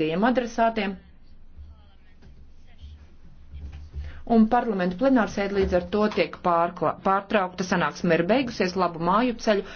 gajiem adresātiem. Un parlamentu plenārsēde līdz ar to tiek pārkla, pārtraukta sanāksme ir beigusies, labu māju ceļu.